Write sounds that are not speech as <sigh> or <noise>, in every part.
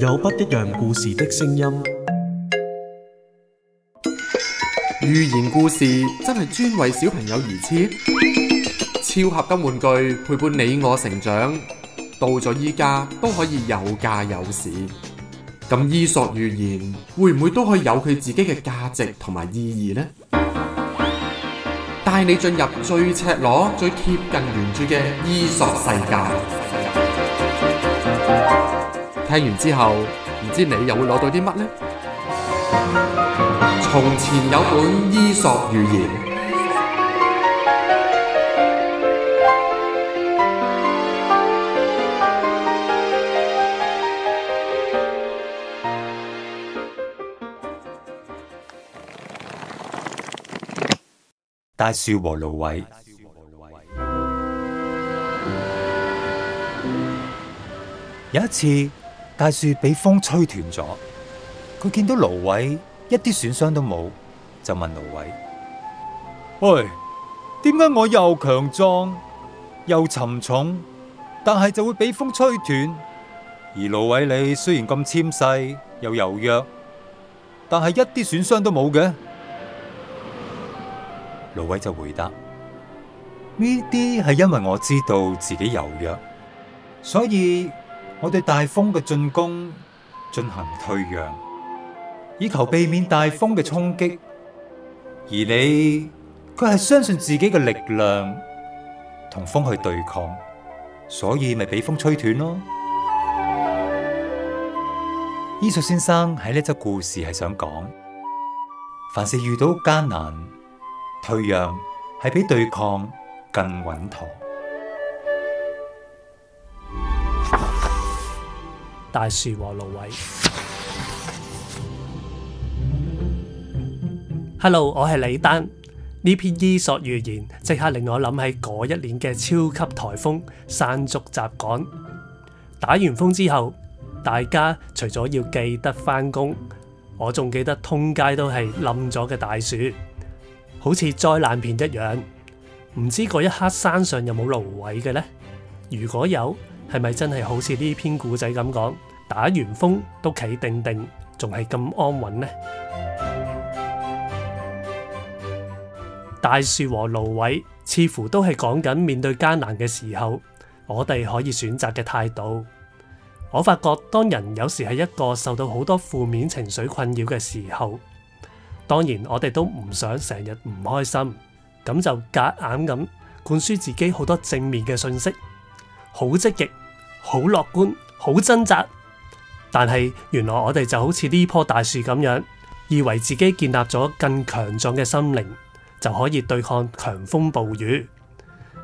有不一樣故事的聲音。寓言故事真係專為小朋友而設？超合金玩具陪伴你我成長，到咗依家都可以有價有市。咁伊索寓言會唔會都可以有佢自己嘅價值同埋意義呢？帶你進入最赤裸、最貼近原著嘅伊索世界。聽完之後，唔知你又會攞到啲乜呢？從前有本伊索寓言，大樹和蘆葦。有一次。大樹俾風吹斷咗，佢見到蘆葦一啲損傷都冇，就問蘆葦：喂，點解我又強壯又沉重，但係就會俾風吹斷？而蘆葦你雖然咁纖細又柔弱，但係一啲損傷都冇嘅？蘆葦就回答：呢啲係因為我知道自己柔弱，所以。我對大風嘅進攻進行退讓，以求避免大風嘅衝擊。而你佢係相信自己嘅力量同風去對抗，所以咪俾風吹斷咯。伊索先生喺呢則故事係想講，凡事遇到艱難，退讓係比對抗更穩妥。大樹和蘆葦。Hello，我係李丹。呢篇伊索寓言即刻令我諗起嗰一年嘅超級台風山竹襲港。打完風之後，大家除咗要記得翻工，我仲記得通街都係冧咗嘅大樹，好似災難片一樣。唔知嗰一刻山上有冇蘆葦嘅呢？如果有，係咪真係好似呢篇古仔咁講？打完風都企定定，仲係咁安穩呢？大樹和蘆葦似乎都係講緊面對艱難嘅時候，我哋可以選擇嘅態度。我發覺當人有時係一個受到好多負面情緒困擾嘅時候，當然我哋都唔想成日唔開心，咁就夾硬咁灌輸自己好多正面嘅信息，好積極。好樂觀，好掙扎，但係原來我哋就好似呢棵大樹咁樣，以為自己建立咗更強壯嘅心靈，就可以對抗強風暴雨。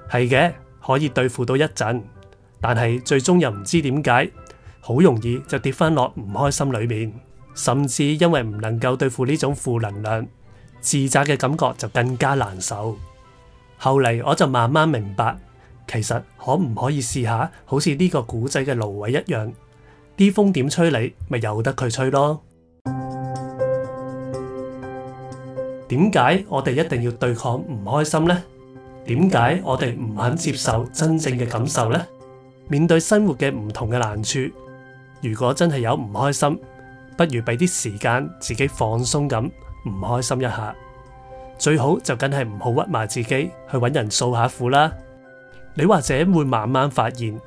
係嘅，可以對付到一陣，但係最終又唔知點解，好容易就跌返落唔開心裏面，甚至因為唔能夠對付呢種負能量，自責嘅感覺就更加難受。後嚟我就慢慢明白。其實可唔可以試下，好似呢個古仔嘅蘆葦一樣，啲風點吹你，你咪由得佢吹咯。點解我哋一定要對抗唔開心呢？點解我哋唔肯接受真正嘅感受呢？面對生活嘅唔同嘅難處，如果真係有唔開心，不如俾啲時間自己放鬆，咁唔開心一下。最好就梗係唔好屈埋自己，去揾人訴下苦啦。你或者會慢慢發現，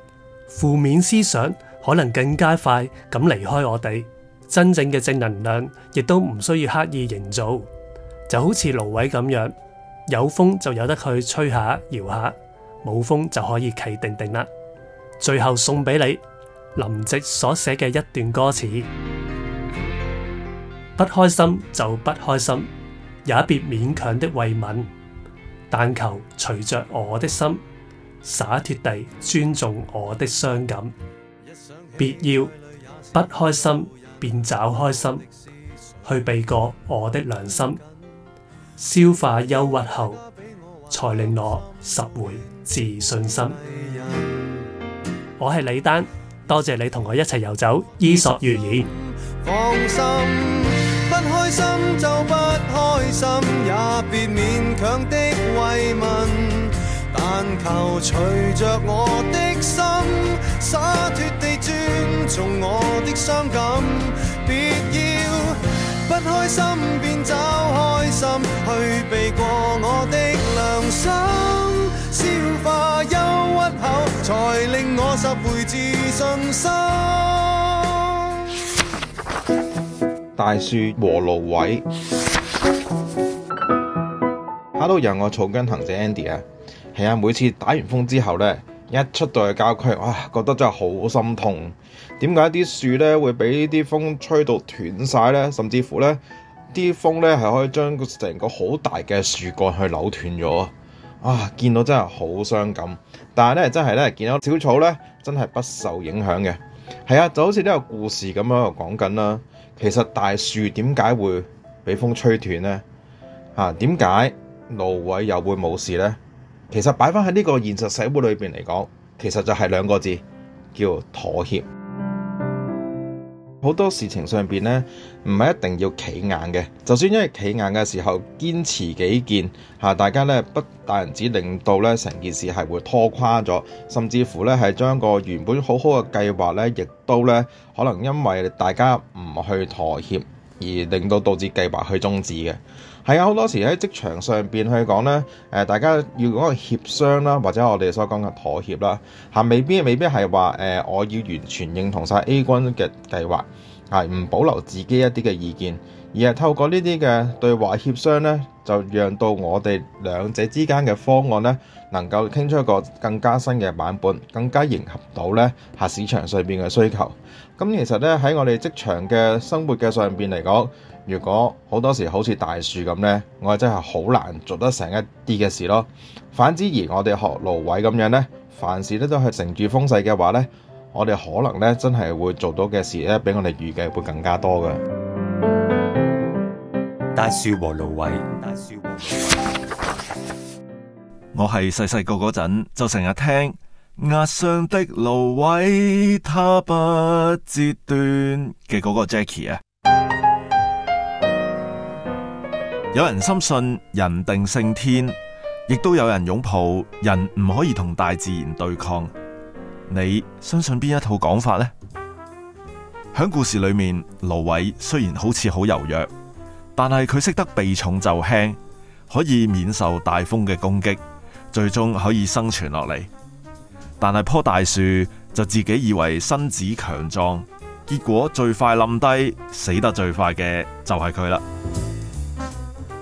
負面思想可能更加快咁離開我哋。真正嘅正能量亦都唔需要刻意營造，就好似蘆葦咁樣，有風就有得去吹下搖下，冇風就可以企定定啦。最後送俾你林夕所寫嘅一段歌詞： <music> 不開心就不開心，也別勉強的慰問，但求隨着我的心。灑脫地尊重我的傷感，別要不開心便找開心，去避過我的良心，消化憂鬱後，才令我拾回自信心。我係李丹，多謝你同我一齊遊走，伊索寓言：放心，不開心就不開心，就也別勉強的慰問。但求隨着我的心，灑脱地尊重我的傷感，別要不開心便找開心，去避過我的良心，消化憂鬱後，才令我拾回自信心。大樹和蘆葦，Hello，由我草根行者 Andy 啊。係啊！每次打完風之後呢，一出到去郊區，哇，覺得真係好心痛。點解啲樹呢會俾啲風吹到斷晒呢？甚至乎呢啲風呢係可以將成個好大嘅樹幹去扭斷咗啊！見到真係好傷感。但係呢，真係呢，見到小草呢，真係不受影響嘅。係啊，就好似呢個故事咁樣講緊啦。其實大樹點解會俾風吹斷呢？啊，點解蘆葦又會冇事呢？其實擺翻喺呢個現實社會裏邊嚟講，其實就係兩個字叫妥協。好 <music> 多事情上邊呢，唔係一定要企硬嘅。就算因為企硬嘅時候，堅持己見，嚇大家呢不但止令到呢成件事係會拖垮咗，甚至乎呢係將個原本好好嘅計劃呢，亦都呢可能因為大家唔去妥協。而令到導致計劃去終止嘅。係啊，好多時喺職場上邊去講咧，誒大家要果個協商啦，或者我哋所講嘅妥協啦，嚇未必未必係話誒我要完全認同晒 A 軍嘅計劃。係唔保留自己一啲嘅意見，而係透過呢啲嘅對話協商呢就讓到我哋兩者之間嘅方案呢能夠傾出一個更加新嘅版本，更加迎合到呢下市場上邊嘅需求。咁其實呢，喺我哋職場嘅生活嘅上邊嚟講，如果好多時好似大樹咁呢，我哋真係好難做得成一啲嘅事咯。反之而我哋學蘆葦咁樣呢，凡事咧都係乘住風勢嘅話呢。我哋可能咧真係會做到嘅事咧，比我哋預計會更加多嘅。大樹和蘆葦，我係細細個嗰陣就成日聽壓傷的蘆葦他不折斷嘅嗰個 Jackie 啊！ <music> 有人深信人定勝天，亦都有人擁抱人唔可以同大自然對抗。你相信邊一套講法呢？喺故事裏面，蘆葦雖然好似好柔弱，但係佢識得避重就輕，可以免受大風嘅攻擊，最終可以生存落嚟。但係棵大樹就自己以為身子強壯，結果最快冧低、死得最快嘅就係佢啦。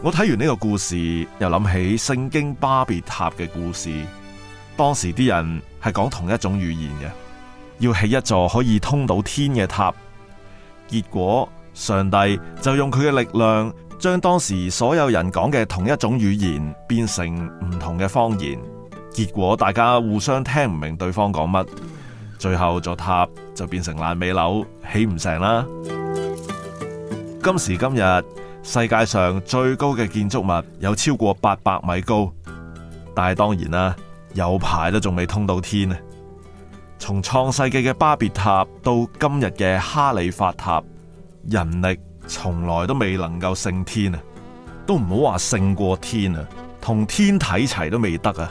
我睇完呢個故事，又諗起聖經巴別塔嘅故事。當時啲人係講同一種語言嘅，要起一座可以通到天嘅塔，結果上帝就用佢嘅力量，將當時所有人講嘅同一種語言變成唔同嘅方言，結果大家互相聽唔明對方講乜，最後座塔就變成爛尾樓，起唔成啦。今時今日，世界上最高嘅建築物有超過八百米高，但係當然啦。有排都仲未通到天啊！從創世紀嘅巴別塔到今日嘅哈利法塔，人力從來都未能夠勝天啊！都唔好話勝過天啊，同天睇齊都未得啊！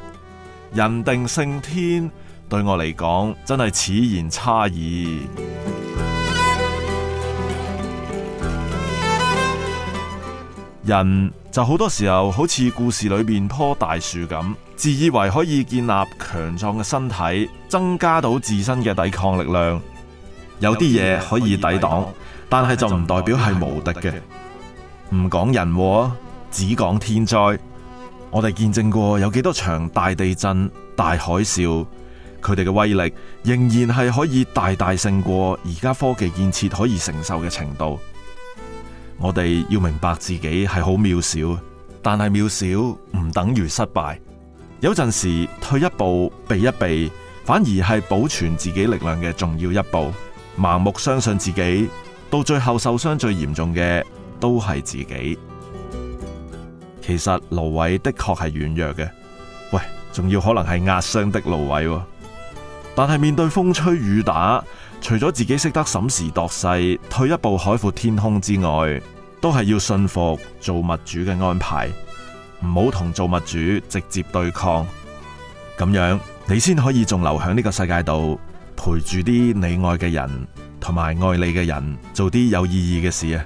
人定勝天對我嚟講真係此言差矣。 <music> 人就好多時候好似故事裏面棵大樹咁。自以為可以建立強壯嘅身體，增加到自身嘅抵抗力量，有啲嘢可以抵擋，但係就唔代表係無敵嘅。唔講人禍，只講天災，我哋見證過有幾多場大地震、大海嘯，佢哋嘅威力仍然係可以大大勝過而家科技建設可以承受嘅程度。我哋要明白自己係好渺小，但係渺小唔等於失敗。有陣時退一步避一避，反而係保存自己力量嘅重要一步。盲目相信自己，到最後受傷最嚴重嘅都係自己。其實蘆葦的確係軟弱嘅，喂，仲要可能係壓傷的蘆葦喎。但係面對風吹雨打，除咗自己識得審時度勢、退一步海闊天空之外，都係要信服做物主嘅安排。唔好同造物主直接對抗，咁樣你先可以仲留喺呢個世界度，陪住啲你愛嘅人，同埋愛你嘅人，做啲有意義嘅事啊！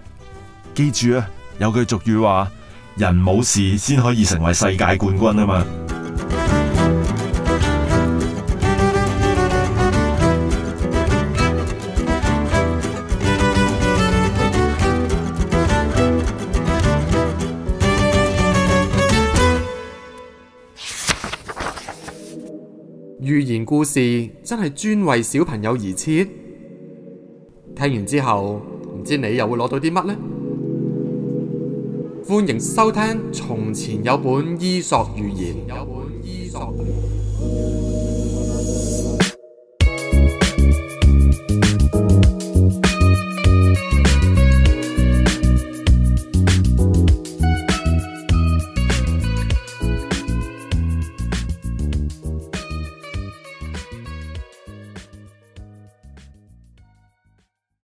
記住啊，有句俗語話：人冇事先可以成為世界冠軍啊嘛。寓言故事真係專為小朋友而設，聽完之後唔知你又會攞到啲乜呢？歡迎收聽《從前有本伊索寓言》寓言。